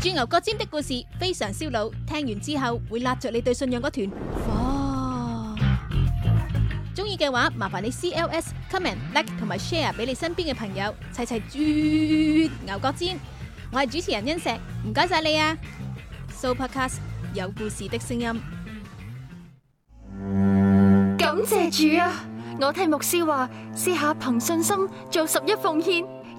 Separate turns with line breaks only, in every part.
鑽牛角尖的故事非常燒腦，聽完之後會立着你對信仰嗰團火。中意嘅話，麻煩你 C L S comment like 同埋 share 俾你身邊嘅朋友，齊齊鑽牛角尖。我係主持人恩石，唔該晒你啊！Sooopodcast 有故事的聲音，
感謝主啊！
我聽牧師話，試下
憑信心做十一奉獻。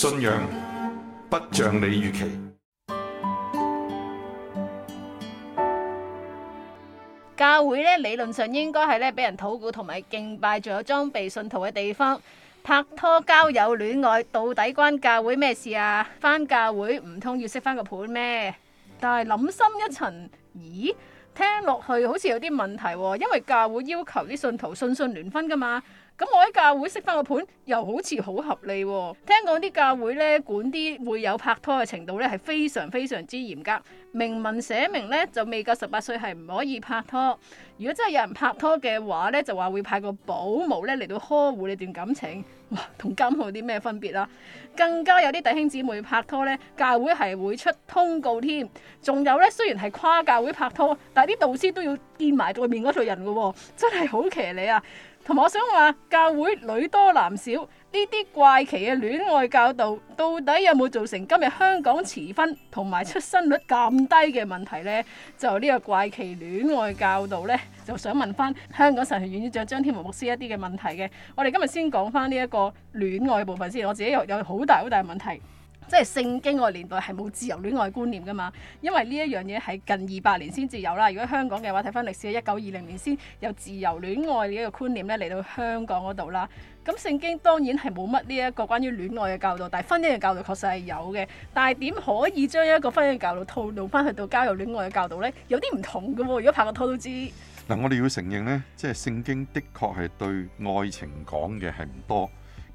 信仰不像你預期。
教會咧，理論上應該係咧俾人禱告同埋敬拜，仲有裝備信徒嘅地方。拍拖交友戀愛到底關教會咩事啊？返教會唔通要識返個伴咩？但係諗深一層，咦？聽落去好似有啲問題喎，因為教會要求啲信徒信信聯婚㗎嘛。咁我喺教會識翻個盤，又好似好合理喎。聽講啲教會呢，管啲會有拍拖嘅程度呢，係非常非常之嚴格，明文寫明呢，就未夠十八歲係唔可以拍拖。如果真係有人拍拖嘅話呢，就話會派個保姆呢嚟到呵護你段感情。哇，同監控有啲咩分別啦？更加有啲弟兄姊妹拍拖呢，教會係會出通告添。仲有呢，雖然係跨教會拍拖，但係啲導師都要見埋對面嗰對人噶喎，真係好騎呢啊！同埋我想話教會女多男少，呢啲怪奇嘅戀愛教導，到底有冇造成今日香港遲婚同埋出生率咁低嘅問題呢？就呢個怪奇戀愛教導呢，就想問翻香港神學院院長張天和牧師一啲嘅問題嘅。我哋今日先講翻呢一個戀愛部分先，我自己有有好大好大問題。即係聖經個年代係冇自由戀愛觀念噶嘛，因為呢一樣嘢係近二百年先至有啦。如果香港嘅話，睇翻歷史，一九二零年先有自由戀愛呢一個觀念咧嚟到香港嗰度啦。咁聖經當然係冇乜呢一個關於戀愛嘅教導，但係婚姻嘅教導確實係有嘅。但係點可以將一個婚姻嘅教導套路翻去到交友戀愛嘅教導呢？有啲唔同噶喎。如果拍過拖都知。
嗱，我哋要承認呢，即係聖經的確係對愛情講嘅係唔多。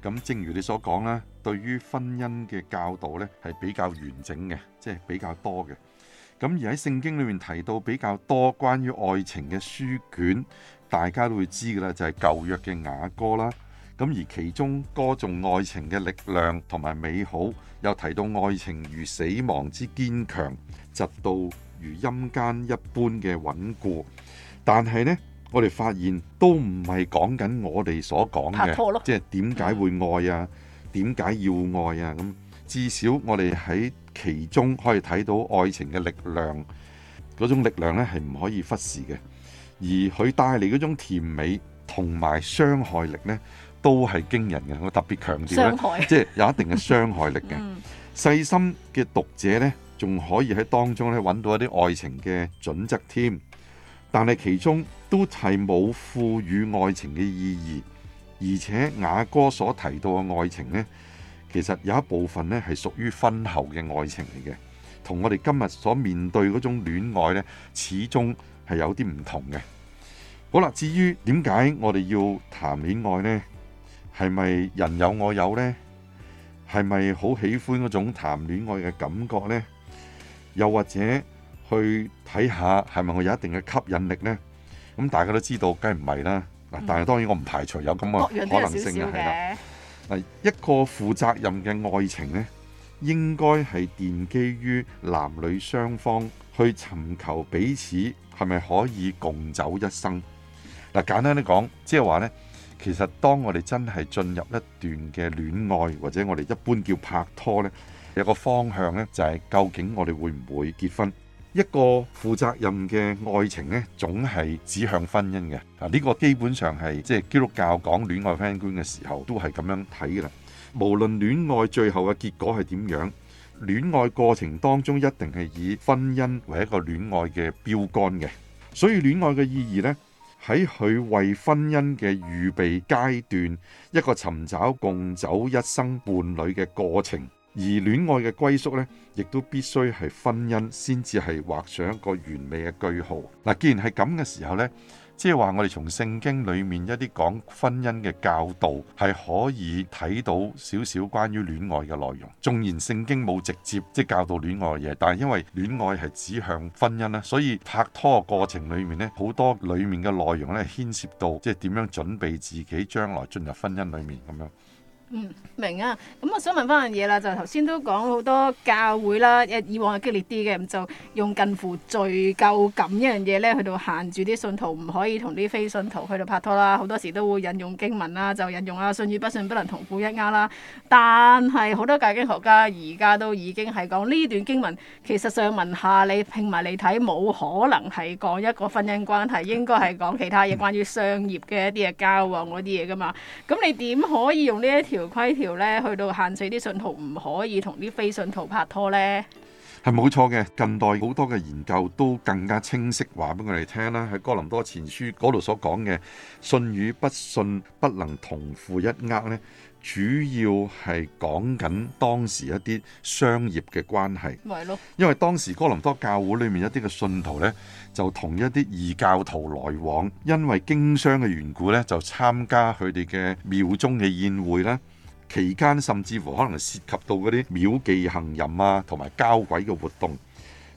咁正如你所講啦，對於婚姻嘅教導呢係比較完整嘅，即係比較多嘅。咁而喺聖經裏面提到比較多關於愛情嘅書卷，大家都會知嘅啦，就係舊約嘅雅歌啦。咁而其中歌頌愛情嘅力量同埋美好，又提到愛情如死亡之堅強，直到如陰間一般嘅穩固。但係呢。我哋發現都唔係講緊我哋所講嘅，即係點解會愛啊？嗯、點解要愛啊？咁至少我哋喺其中可以睇到愛情嘅力量，嗰種力量咧係唔可以忽視嘅。而佢帶嚟嗰種甜美同埋傷害力咧，都係驚人嘅。我特別強調呢，即係有一定嘅傷害力嘅、 嗯。細心嘅讀者咧，仲可以喺當中咧揾到一啲愛情嘅準則添。但係其中都係冇賦予愛情嘅意義，而且雅歌所提到嘅愛情呢，其實有一部分呢係屬於婚後嘅愛情嚟嘅，同我哋今日所面對嗰種戀愛呢，始終係有啲唔同嘅。好啦，至於點解我哋要談戀愛呢？係咪人有我有呢？係咪好喜歡嗰種談戀愛嘅感覺呢？又或者，去睇下係咪我有一定嘅吸引力呢？咁大家都知道，梗係唔係啦。嗱、嗯，但係當然我唔排除有咁嘅可能性嘅。係啦，一個負責任嘅愛情呢，應該係奠基於男女雙方去尋求彼此係咪可以共走一生。嗱、嗯。簡單啲講，即係話呢，其實當我哋真係進入一段嘅戀愛，或者我哋一般叫拍拖呢，有個方向呢，就係、是、究竟我哋會唔會結婚？一個負責任嘅愛情呢，總係指向婚姻嘅。啊，呢個基本上係即係基督教講戀愛婚姻觀嘅時候，都係咁樣睇嘅啦。無論戀愛最後嘅結果係點樣，戀愛過程當中一定係以婚姻為一個戀愛嘅標杆嘅。所以戀愛嘅意義呢，喺佢為婚姻嘅預備階段，一個尋找共走一生伴侶嘅過程。而戀愛嘅歸宿呢，亦都必須係婚姻先至係畫上一個完美嘅句號。嗱，既然係咁嘅時候呢，即係話我哋從聖經裏面一啲講婚姻嘅教導，係可以睇到少少關於戀愛嘅內容。縱然聖經冇直接即係教導戀愛嘅嘢，但係因為戀愛係指向婚姻啦，所以拍拖嘅過程裏面呢，好多裡面嘅內容咧，牽涉到即係點樣準備自己將來進入婚姻裏面咁樣。
嗯，明啊，咁我想問翻樣嘢啦，就頭先都講好多教會啦，誒，以往係激烈啲嘅，就用近乎罪疚感一樣嘢咧，去到限住啲信徒唔可以同啲非信徒去到拍拖啦，好多時都會引用經文啦，就引用啊，信與不信不能同負一軛啦，但係好多解經學家而家都已經係講呢段經文，其實上文下理拼埋你睇，冇可能係講一個婚姻關係，應該係講其他嘢，關於商業嘅一啲嘅交往嗰啲嘢噶嘛，咁你點可以用呢一條？條規條咧，去到限制啲信徒唔可以同啲非信徒拍拖咧，
係冇錯嘅。近代好多嘅研究都更加清晰，話俾我哋聽啦。喺哥林多前書嗰度所講嘅，信與不信不能同負一軛呢。主要係講緊當時一啲商業嘅關係，因為當時哥林多教會裏面一啲嘅信徒呢，就同一啲異教徒來往，因為經商嘅緣故呢，就參加佢哋嘅廟中嘅宴會啦。期間甚至乎可能涉及到嗰啲廟祭行淫啊，同埋交鬼嘅活動。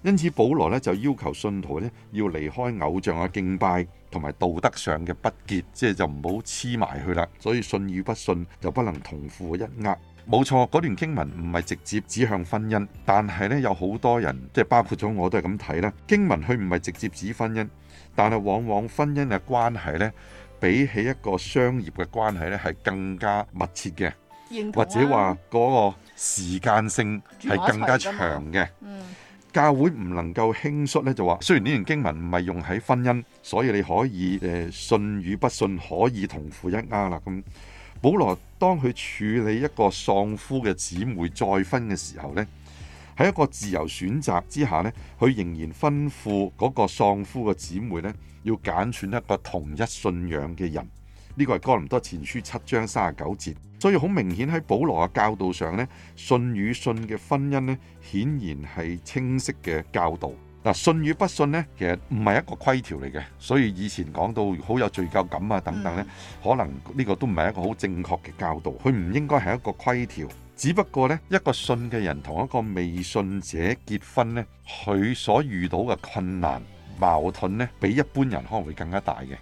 因此，保羅咧就要求信徒咧要離開偶像嘅敬拜，同埋道德上嘅不潔，即係就唔好黐埋去啦。所以，信與不信就不能同負一軛。冇錯，嗰段經文唔係直接指向婚姻，但係咧有好多人，即係包括咗我都係咁睇啦。經文佢唔係直接指婚姻，但係往往婚姻嘅關係咧，比起一個商業嘅關係咧，係更加密切嘅，
或者話
嗰個時間性係更加長嘅。教會唔能夠輕率咧，就話雖然呢段經文唔係用喺婚姻，所以你可以誒、呃、信與不信可以同負一軛啦。咁保羅當佢處理一個喪夫嘅姊妹再婚嘅時候呢，喺一個自由選擇之下呢，佢仍然吩咐嗰個喪夫嘅姊妹呢，要揀選一個同一信仰嘅人。呢個係《哥林多前書》七章三十九節，所以好明顯喺保羅嘅教導上呢，信與信嘅婚姻呢，顯然係清晰嘅教導。嗱，信與不信呢，其實唔係一個規條嚟嘅，所以以前講到好有罪教感罪疚感啊、等等呢，可能呢個都唔係一個好正確嘅教導，佢唔應該係一個規條。只不過呢，一個信嘅人同一個未信者結婚呢，佢所遇到嘅困難矛盾呢，比一般人可能會更加大嘅。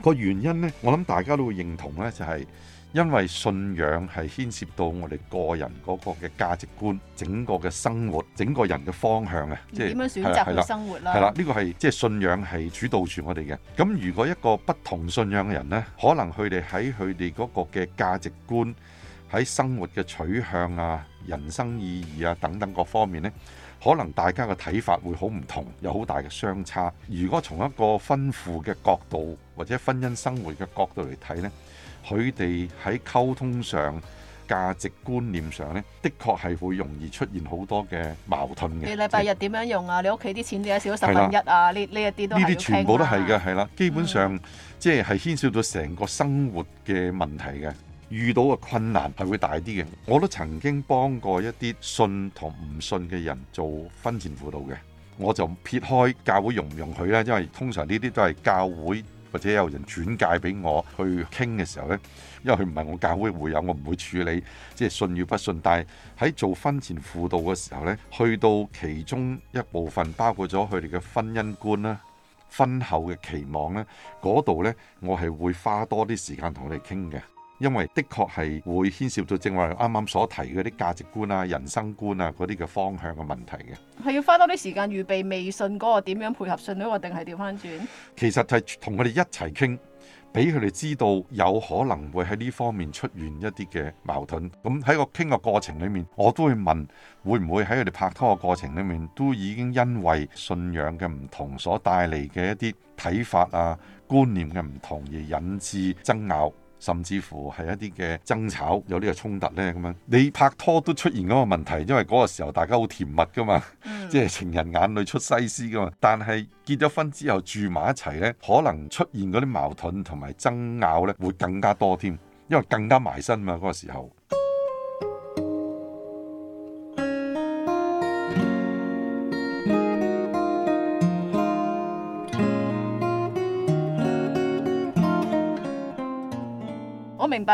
個原因呢，我諗大家都會認同呢，就係、是、因為信仰係牽涉到我哋個人嗰個嘅價值觀、整個嘅生活、整個人嘅方向嘅，即係點樣選擇嘅生活啦。係啦，呢個係即係信仰係主導住我哋嘅。咁如果一個不同信仰嘅人呢，可能佢哋喺佢哋嗰個嘅價值觀、喺生活嘅取向啊、人生意義啊等等各方面呢。可能大家嘅睇法會好唔同，有好大嘅相差。如果從一個婚咐嘅角度或者婚姻生活嘅角度嚟睇呢，佢哋喺溝通上、價值觀念上呢，的確係會容易出現好多嘅矛盾嘅。你禮拜日
點樣用啊？你屋企啲錢點解少咗十分一啊？呢呢一啲都呢啲全部都係
嘅，係啦，基本上、嗯、即係係牽涉到成個生活嘅問題嘅。遇到嘅困難係會大啲嘅，我都曾經幫過一啲信同唔信嘅人做婚前輔導嘅，我就撇開教會容唔容許啦，因為通常呢啲都係教會或者有人轉介俾我去傾嘅時候呢，因為佢唔係我教會會友，我唔會處理即係信與不信。但係喺做婚前輔導嘅時候呢，去到其中一部分包括咗佢哋嘅婚姻觀啦、婚後嘅期望咧，嗰度呢我係會花多啲時間同佢哋傾嘅。因為的確係會牽涉到正話啱啱所提嗰啲價值觀啊、人生觀啊嗰啲嘅方向嘅問題嘅。
係要花多啲時間預備未信嗰個點樣配合信呢個，定係調翻轉？
其實就係同佢哋一齊傾，俾佢哋知道有可能會喺呢方面出現一啲嘅矛盾。咁喺個傾嘅過程裏面，我都會問，會唔會喺佢哋拍拖嘅過程裏面都已經因為信仰嘅唔同所帶嚟嘅一啲睇法啊、觀念嘅唔同而引致爭拗？甚至乎係一啲嘅爭吵，有呢個衝突呢。咁樣，你拍拖都出現嗰個問題，因為嗰個時候大家好甜蜜噶嘛，即係情人眼裏出西施噶嘛。但係結咗婚之後住埋一齊呢，可能出現嗰啲矛盾同埋爭拗呢，會更加多添，因為更加埋身嘛嗰個時候。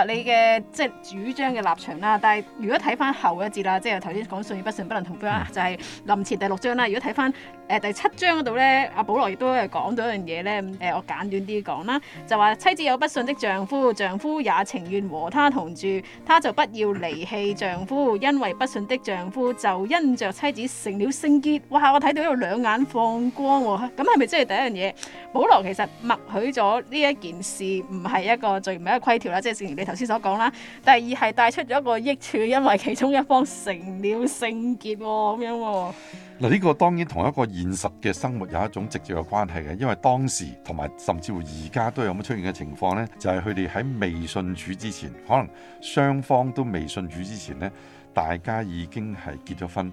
你嘅即係主張嘅立場啦，但係如果睇翻後一節啦，即係頭先講信與不信不能同分啦，就係、是、林前第六章啦。如果睇翻、呃、第七章嗰度咧，阿保羅亦都係講到一樣嘢咧，我簡短啲講啦，就話 妻子有不信的丈夫，丈夫也情願和她同住，她就不要離棄丈夫，因為不信的丈夫就因着妻子成了聖潔。哇！我睇到呢度兩眼放光喎、哦，咁係咪即係第一樣嘢？保羅其實默許咗呢一件事，唔係一個罪名，唔係一個規條啦，即係頭先所講啦，第二係帶出咗一個益處，因為其中一方成了聖潔喎，咁樣喎、
哦。嗱，呢個當然同一個現實嘅生活有一種直接嘅關係嘅，因為當時同埋甚至乎而家都有咁出現嘅情況呢，就係佢哋喺未信主之前，可能雙方都未信主之前呢，大家已經係結咗婚。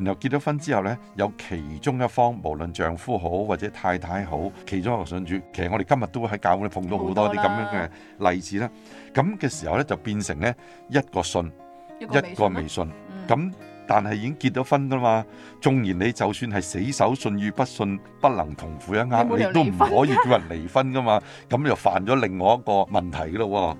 然後結咗婚之後咧，有其中一方，無論丈夫好或者太太好，其中一個信主，其實我哋今日都會喺教會碰到好多啲咁樣嘅例子啦。咁嘅時候咧，就變成咧一個信，一個微信咁。但係已經結咗婚噶嘛？縱然你就算係死守信與不信不能同負一軛，你都唔可以叫人離婚噶嘛？咁又犯咗另外一個問題咯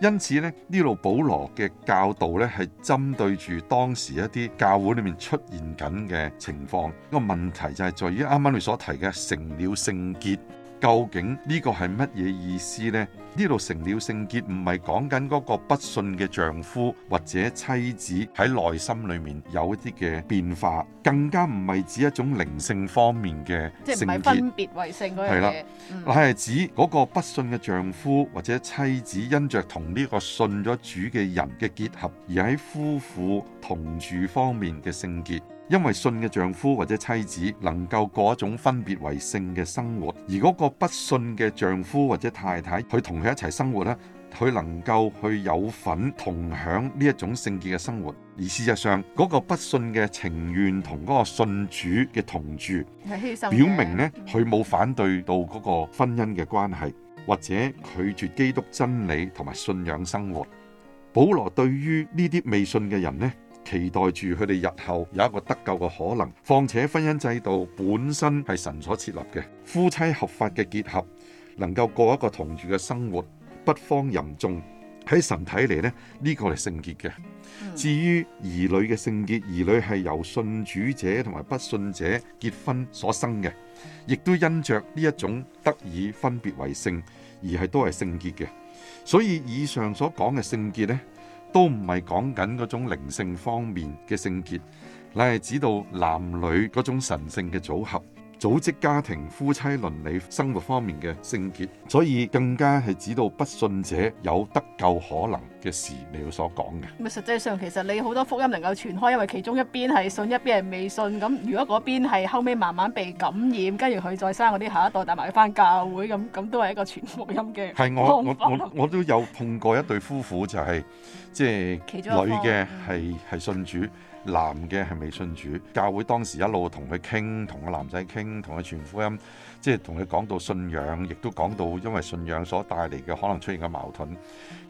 喎。因此呢，呢度保羅嘅教導呢係針對住當時一啲教會裏面出現緊嘅情況。個問題就係在於啱啱你所提嘅成了聖潔，究竟呢個係乜嘢意思呢？呢度成了聖潔，唔係講緊嗰個不信嘅丈夫或者妻子喺內心裡面有一啲嘅變化，更加唔係指一種靈性方面嘅，即係分
別為聖嗰樣嘢，係
指嗰個不信嘅丈夫或者妻子因着同呢個信咗主嘅人嘅結合，而喺夫婦同住方面嘅聖潔。因為信嘅丈夫或者妻子能夠過一種分別為聖嘅生活，而嗰個不信嘅丈夫或者太太，佢同佢一齊生活咧，佢能夠去有份同享呢一種聖潔嘅生活。而事實上，嗰、嗰個不信嘅情願同嗰個信主嘅同住，
表明呢，
佢冇反對到嗰個婚姻嘅關係，或者拒絕基督真理同埋信仰生活。保羅對於呢啲未信嘅人呢。期待住佢哋日後有一個得救嘅可能。況且婚姻制度本身係神所設立嘅，夫妻合法嘅結合，能夠過一個同住嘅生活。不方淫縱喺神睇嚟咧，呢、呢個係聖潔嘅。至於兒女嘅聖潔，兒女係由信主者同埋不信者結婚所生嘅，亦都因着呢一種得以分別為聖，而係都係聖潔嘅。所以以上所講嘅聖潔咧都唔係講緊嗰種靈性方面嘅聖潔，乃係指到男女嗰種神聖嘅組合。組織家庭、夫妻倫理、生活方面嘅聖潔，所以更加係指導不信者有得救可能嘅事，你要所講嘅。
咁啊，實際上其實你好多福音能夠傳開，因為其中一邊係信，一邊係未信。咁如果嗰邊係後尾慢慢被感染，跟住佢再生嗰啲下一代，帶埋去翻教會，咁咁都係一個傳福音嘅方法。我我
我都有碰過一對夫婦，就係即係其中女嘅係係信主。男嘅係未信主，教會當時一路同佢傾，同個男仔傾，同佢傳福音，即係同佢講到信仰，亦都講到因為信仰所帶嚟嘅可能出現嘅矛盾，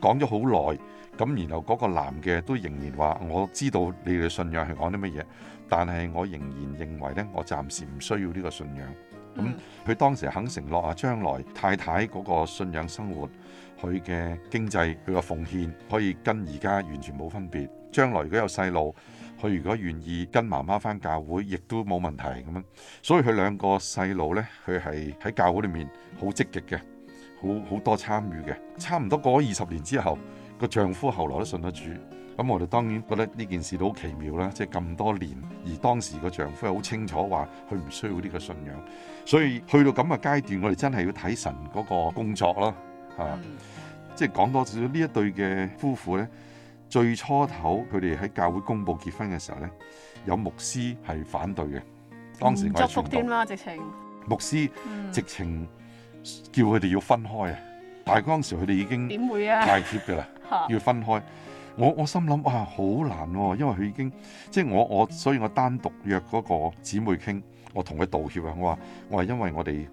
講咗好耐咁。然後嗰個男嘅都仍然話：我知道你哋信仰係講啲乜嘢，但係我仍然認為呢，我暫時唔需要呢個信仰。咁佢當時肯承諾啊，將來太太嗰個信仰生活，佢嘅經濟，佢嘅奉獻可以跟而家完全冇分別。將來如果有細路。佢如果願意跟媽媽返教會，亦都冇問題咁樣。所以佢兩個細路呢，佢係喺教會裏面好積極嘅，好好多參與嘅。差唔多過咗二十年之後，個丈夫後來都信咗主。咁我哋當然覺得呢件事都好奇妙啦，即係咁多年，而當時個丈夫又好清楚話，佢唔需要呢個信仰。所以去到咁嘅階段，我哋真係要睇神嗰個工作咯，嚇。即係講多少少呢一對嘅夫婦呢。最初頭佢哋喺教會公佈結婚嘅時候咧，有牧師係反對嘅。當時我祝福點啦，直情牧師直情叫佢哋要分開啊、嗯！但係嗰陣時佢哋已經點會啊？太貼㗎啦，要分開。我我心諗啊，好難喎、啊，因為佢已經即係我我，所以我單獨約嗰個姊妹傾，我同佢道歉啊！我話我係因為我哋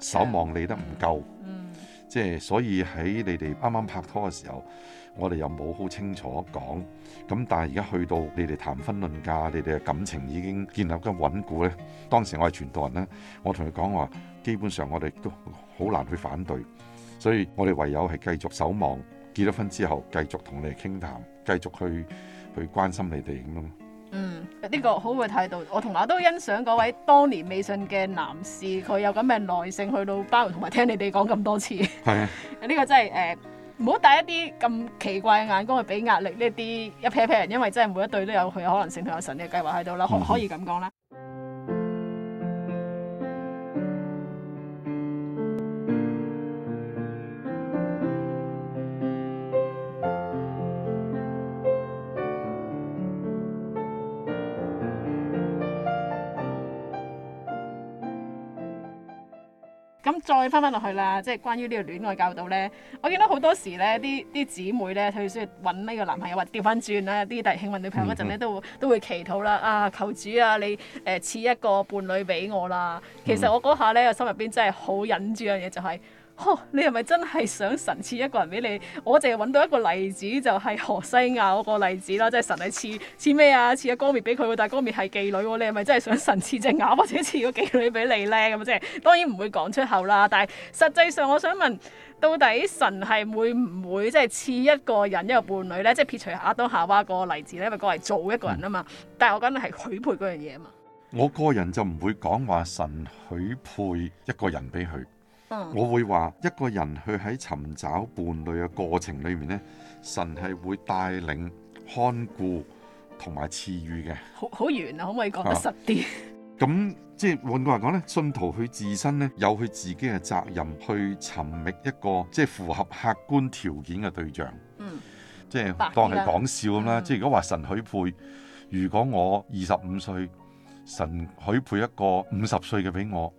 誒守望你得唔夠，嗯嗯、即係所以喺你哋啱啱拍拖嘅時候。我哋又冇好清楚講，咁但係而家去到你哋談婚論嫁，你哋嘅感情已經建立得穩固咧。當時我係傳道人啦，我同佢講話，基本上我哋都好難去反對，所以我哋唯有係繼續守望。結咗婚之後，繼續同你哋傾談，繼續去去關心你哋咁咯。嗯，
呢個好嘅態度，我同阿都欣賞嗰位當年未信嘅男士，佢有咁嘅耐性去到包容同埋聽你哋講咁多次。
係，
呢個真係誒。呃唔好帶一啲咁奇怪嘅眼光去俾壓力呢啲一 pair pair 人，因為真係每一對都有佢嘅可能性同有神嘅計劃喺度啦，可可以咁講啦。再翻翻落去啦，即係關於呢個戀愛教導咧，我見到好多時咧，啲啲姊妹咧，佢需要揾呢個男朋友，或調翻轉啦，啲弟兄揾女朋友嗰陣咧，都會都會祈禱啦，啊，求主啊，你誒賜、呃、一個伴侶俾我啦。其實我嗰下咧，我心入邊真係好忍住樣嘢，就係。嗬、哦，你係咪真係想神賜一個人俾你？我淨係搵到一個例子，就係、是、何西雅嗰個例子啦，即、就、係、是、神係賜賜咩啊？賜阿歌篾俾佢，但係歌篾係妓女，你係咪真係想神賜隻鴨或者賜個妓女俾你咧？咁即係，當然唔會講出口啦。但係實際上，我想問，到底神係會唔會即係賜一個人一個伴侶咧？即、就、係、是、撇除亞當夏娃個例子咧，因為過嚟做一個人啊嘛。嗯、但係我覺得係許配嗰樣嘢啊嘛。
我個人就唔會講話神許配一個人俾佢。我會話一個人去喺尋找伴侶嘅過程裡面咧，神係會帶領、看顧同埋賜予嘅。
好好圓啊，可唔可以講得實啲？
咁即係換句話講咧，信徒佢自身咧，有佢自己嘅責任去尋覓一個即係符合客觀條件嘅對象。嗯、即係當係講笑咁啦、嗯。即係如果話神許配，如果我二十五歲，神許配一個五十歲嘅俾我，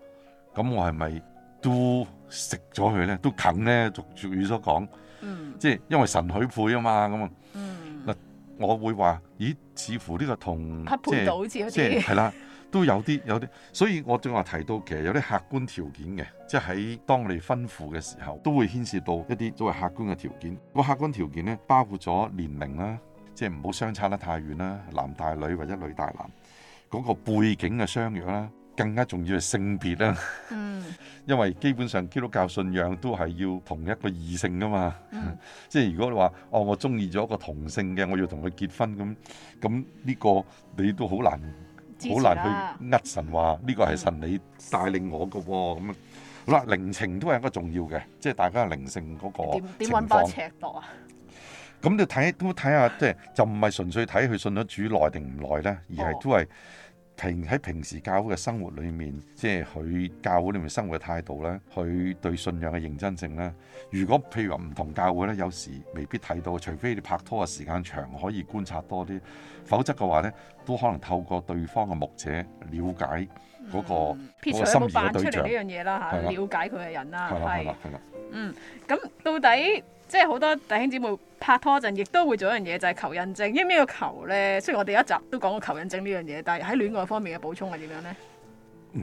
咁我係咪？都食咗佢咧，都近咧，俗俗語所講、嗯，即係因為神許配啊嘛，咁啊，嗱、嗯，我會話，咦，似乎呢個同匹配到好似好係啦，都有啲有啲，所以我正話提到其實有啲客觀條件嘅，即係喺當你吩咐嘅時候，都會牽涉到一啲所謂客觀嘅條件。個客觀條件咧，包括咗年齡啦，即係唔好相差得太遠啦，男大女或者女大男嗰、那個背景嘅相若啦。更加重要係性別啦、嗯，因為基本上基督教信仰都係要同一個異性噶嘛，嗯、即係如果你話哦，我中意咗一個同性嘅，我要同佢結婚咁，咁呢個你都好難，好難去呃神話呢、呢個係神你帶領我嘅喎，咁、嗯、好啦，靈情都係一個重要嘅，即係大家靈性嗰個點點揾尺度啊？咁你睇都睇下，即係就唔係純粹睇佢信咗主耐定唔耐咧，而係都係。哦平喺平時教會嘅生活裏面，即係佢教會裏面生活嘅態度咧，佢對信仰嘅認真性咧，如果譬如話唔同教會咧，有時未必睇到，除非你拍拖嘅時間長，可以觀察多啲，否則嘅話咧，都可能透過對方嘅牧者了解。嗰、嗰個我、嗯嗰個嗯、有冇扮出嚟呢樣
嘢啦嚇，瞭解佢嘅人啦，係嗯，咁到底即係好多弟兄姊妹拍拖嗰陣，亦都會做一樣嘢，就係、是、求印證。因為咩叫求咧？雖然我哋一集都講過求印證呢樣嘢，但係喺戀愛方面嘅補充係點樣咧？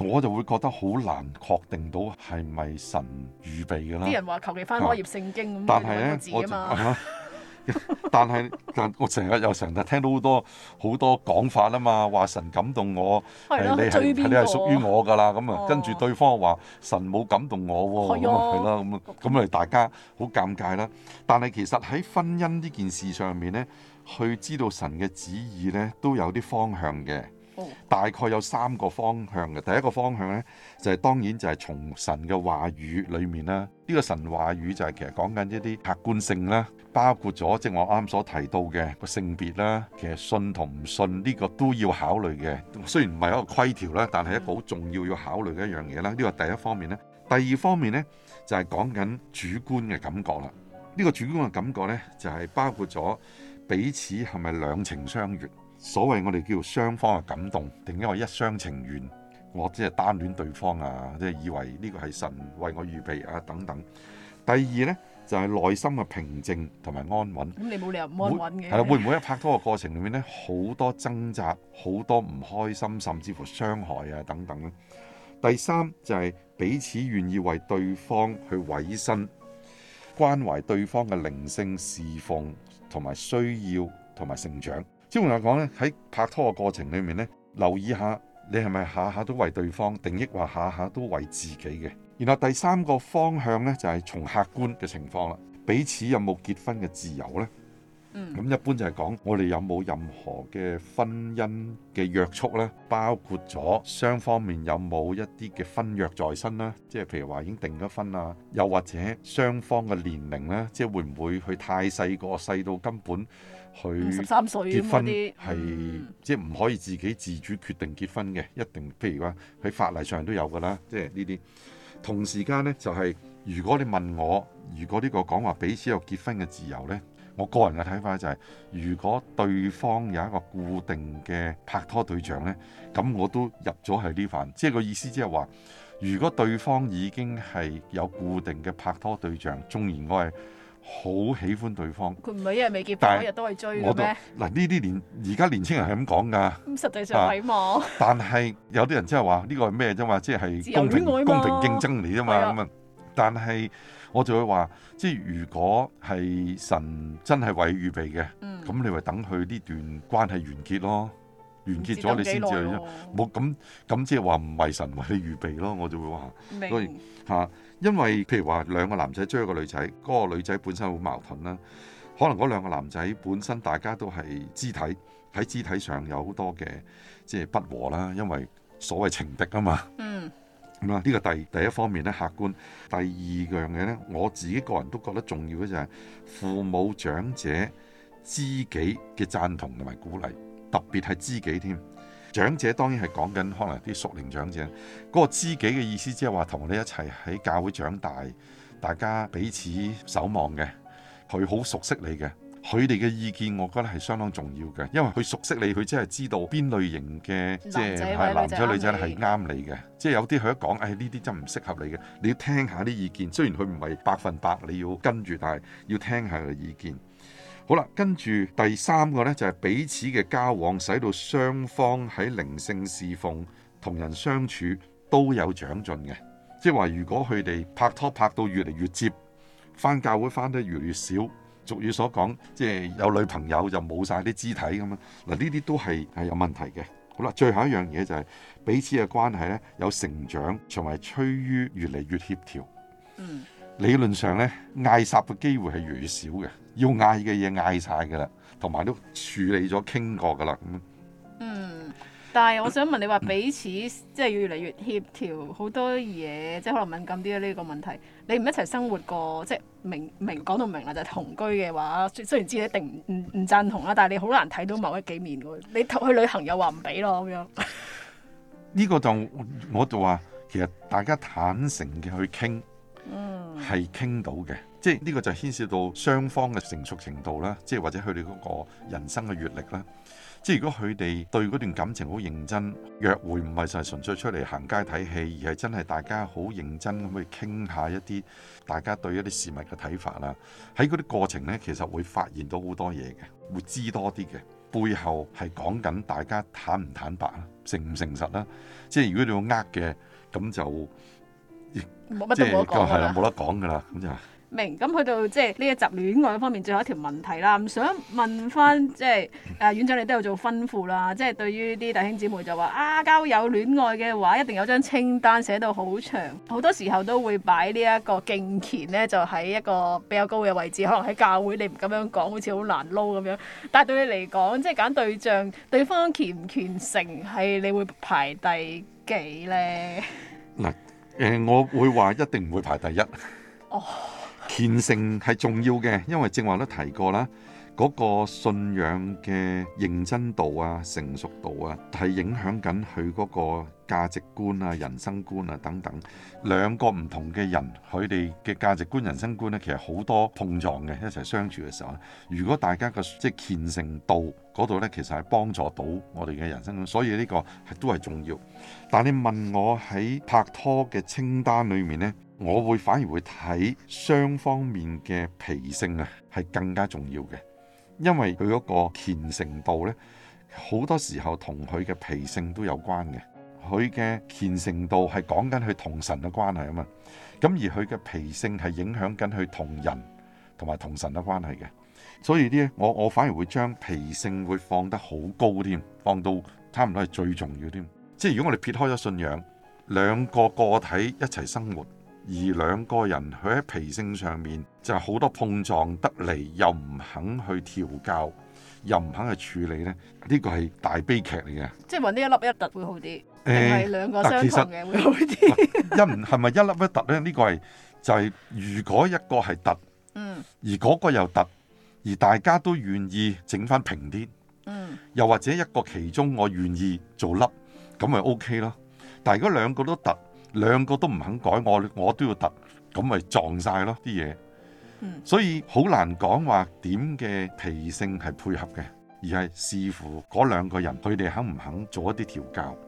我就會覺得好難確定到係咪神預備嘅啦。啲、嗯、人
話求其翻開頁聖經咁，但係呢，字啊嘛。我
但係，但我成日又成日聽到好多好多講法啊嘛，話神感動我，係、啊、你係你係屬於我㗎喇，咁啊，跟住對方話神冇感動我喎、哦，係啦，咁啊，咁咪、啊、大家好尷尬啦。但係其實喺婚姻呢件事上面咧，去知道神嘅旨意咧，都有啲方向嘅。嗯，大概有三個方向嘅，第一個方向呢，就係當然就係從神嘅話語裏面啦。呢個神話語就係其實講緊一啲客觀性啦，包括咗即係我啱所提到嘅個性別啦。其實信同唔信呢個都要考慮嘅，雖然唔係一個規條啦，但係一個好重要要考慮嘅一樣嘢啦。呢個第一方面呢，第二方面呢，就係講緊主觀嘅感覺啦。呢個主觀嘅感覺呢，就係包括咗彼此係咪兩情相悅。所謂我哋叫做雙方嘅感動，定因為一廂情願，我只係單戀對方啊，即係以為呢個係神為我預備啊等等。第二呢，就係內心嘅平靜同埋安穩。
咁你冇理由唔安穩嘅。係啦，會唔
會喺拍拖嘅過程裏面呢，好多掙扎，好多唔開心，甚至乎傷害啊等等呢？第三就係彼此願意為對方去委身，關懷對方嘅靈性侍奉，同埋需要同埋成長。即係話講咧，喺拍拖嘅過程裏面咧，留意下你係咪下下都為對方，定抑或下下都為自己嘅。然後第三個方向咧，就係從客觀嘅情況啦，彼此有冇結婚嘅自由咧？嗯，咁一般就係講我哋有冇任何嘅婚姻嘅約束咧？包括咗雙方面有冇一啲嘅婚約在身啦？即係譬如話已經訂咗婚啊，又或者雙方嘅年齡咧，即係會唔會去太細個，細到根本？佢結婚係即係唔可以自己自主決定結婚嘅，一定譬如話喺法例上都有㗎啦。即係呢啲同時間呢，就係、是、如果你問我，如果呢個講話彼此有結婚嘅自由呢，我個人嘅睇法就係、是，如果對方有一個固定嘅拍拖對象呢，咁我都入咗係呢份。即係個意思即係話，如果對方已經係有固定嘅拍拖對象，縱然我係，好喜歡對方，佢
唔係一日未結婚，一日都係追嘅
咩？嗱，呢啲年而家年輕人係咁講噶。咁
實際上係咪？
但係有啲人即係話呢個係咩啫嘛？即係公平公平競爭嚟啫嘛。咁啊，但係我就會話，即係如果係神真係為預備嘅，咁、嗯、你咪等佢呢段關係完結咯。完結咗你先至，冇咁咁即係話唔係神為你預備咯，我就會話，嚇，因為譬如話兩個男仔追一個女仔，嗰個女仔本身好矛盾啦，可能嗰兩個男仔本身大家都係肢體，喺肢體上有好多嘅即係不和啦，因為所謂情敵啊嘛，
咁
啊呢個第第一方面咧，客觀，第二樣嘢咧我自己個人都覺得重要嘅就係父母、長者、知己嘅贊同同埋鼓勵。特別係知己添，長者當然係講緊可能啲熟齡長者嗰個知己嘅意思，即係話同你一齊喺教會長大，大家彼此守望嘅，佢好熟悉你嘅，佢哋嘅意見我覺得係相當重要嘅，因為佢熟悉你，佢真係知道邊類型嘅即係男仔女仔咧係啱你嘅，即係有啲佢一講，誒呢啲真唔適合你嘅，你要聽下啲意見。雖然佢唔係百分百你要跟住，但係要聽下佢意見。好啦，跟住第三個呢，就係彼此嘅交往，使到雙方喺靈性侍奉、同人相處都有長進嘅。即係話，如果佢哋拍拖拍到越嚟越接，返教會返得越嚟越少，俗語所講，即係有女朋友就冇晒啲肢體咁樣。嗱，呢啲都係係有問題嘅。好啦，最後一樣嘢就係彼此嘅關係呢，有成長，從而趨於越嚟越協調，
嗯。
理論上呢，嗌殺嘅機會係越嚟越少嘅。要嗌嘅嘢嗌晒噶啦，同埋都處理咗、傾過噶啦。嗯，
但係我想問你話彼此即係越嚟越協調，好多嘢即係可能敏感啲呢個問題。你唔一齊生活過，即係明明講到明啦，就係同居嘅話，雖，雖然知你一定唔唔贊同啦，但係你好難睇到某一幾面。你去旅行又話唔俾咯咁樣。
呢個就我就話，其實大家坦誠嘅去傾，
嗯，
係傾到嘅。即係呢個就牽涉到雙方嘅成熟程度啦，即係或者佢哋嗰個人生嘅閱歷啦。即係如果佢哋對嗰段感情好認真，約會唔係就係純粹出嚟行街睇戲，而係真係大家好認真咁去傾下一啲大家對一啲事物嘅睇法啦。喺嗰啲過程呢，其實會發現到好多嘢嘅，會知多啲嘅。背後係講緊大家坦唔坦白啦，誠唔誠實啦。即係如果你要呃嘅，咁就
即係係啦，冇
得講噶啦，咁就。
明，咁去到即係呢一集戀愛方面最後一條問題啦，唔想問翻即係誒，院長你都有做吩咐啦，即係對於啲弟兄姊妹就話啊，交友戀愛嘅話一定有張清單寫到好長，好多時候都會擺呢一個敬虔咧，就喺一個比較高嘅位置，可能喺教會你唔咁樣講，好似好難撈咁樣。但係對你嚟講，即係揀對象，對方虔唔虔誠係你會排第幾咧？
嗱、呃、誒，我會話一定唔會排第一哦。 虔誠係重要嘅，因為正話都提過啦，嗰個信仰嘅認真度啊、成熟度啊，係影響緊佢嗰個價值觀啊、人生觀啊等等。兩個唔同嘅人，佢哋嘅價值觀、人生觀呢，其實好多碰撞嘅。一齊相處嘅時候，如果大家嘅即係虔誠度嗰度呢，其實係幫助到我哋嘅人生，所以呢個係都係重要。但你問我喺拍拖嘅清單裏面呢，我會反而會睇雙方面嘅脾性啊，係更加重要嘅，因為佢嗰個虔誠度呢，好多時候同佢嘅脾性都有關嘅。佢嘅虔誠度係講緊佢同神嘅關係啊嘛。咁而佢嘅脾性係影響緊佢同人同埋同神嘅關係嘅。所以啲，我我反而會將脾性會放得好高添，放到差唔多係最重要添。即係如果我哋撇開咗信仰，兩個個體一齊生活。而兩個人佢喺脾性上面就係、是、好多碰撞得嚟，又唔肯去調教，又唔肯去處理咧，呢、這個係大悲劇嚟嘅。
即係話呢一粒一突會好啲，係、欸、兩個相同嘅會好
啲。一係咪一粒一突咧？呢、這個係就係、是、如果一個係突，嗯，而嗰個又突，而大家都願意整翻平啲，嗯，又或者一個其中我願意做粒，咁咪 OK 囉。但係如果兩個都突，兩個都唔肯改，我我都要突，咁咪撞晒咯啲嘢。所以好難講話點嘅脾性係配合嘅，而係視乎嗰兩個人佢哋肯唔肯做一啲調教。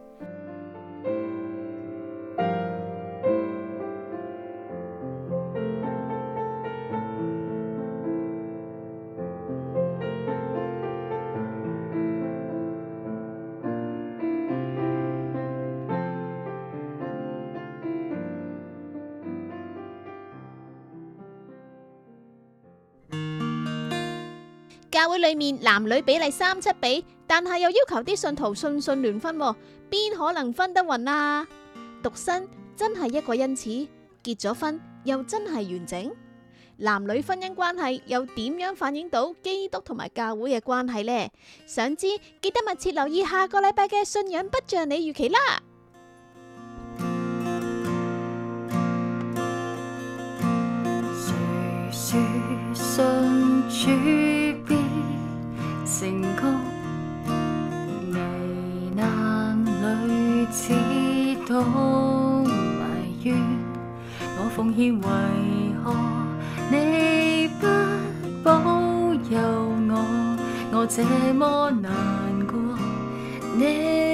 教會裏面男女比例三七比，但係又要求啲信徒信信聯婚，邊可能分得勻啊？獨身真係一個恩賜，結咗婚又真係完整。男女婚姻關係又點樣反映到基督同埋教會嘅關係呢？想知記得密切留意下個禮拜嘅信仰，不像你預期啦。誰
是信主？我埋怨我奉獻，為何你不保佑我？我這麼難過，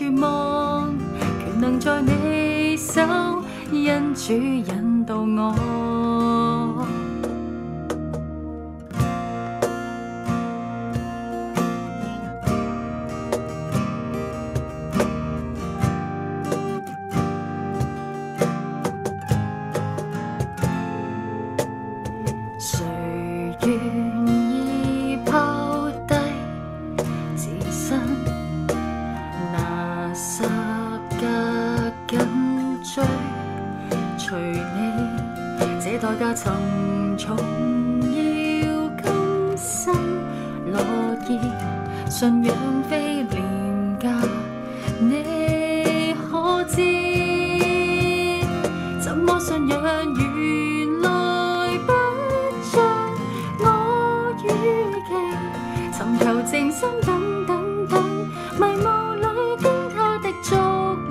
全能在你手，因主引導我。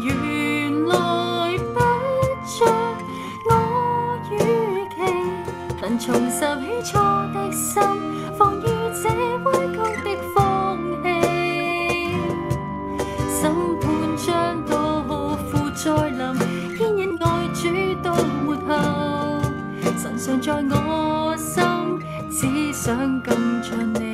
原來不像我預期，能重拾起初的心，防的放於這歪曲的風氣。審判將到，苦再臨，牽引愛主到末後，神常在我心，只想更像你。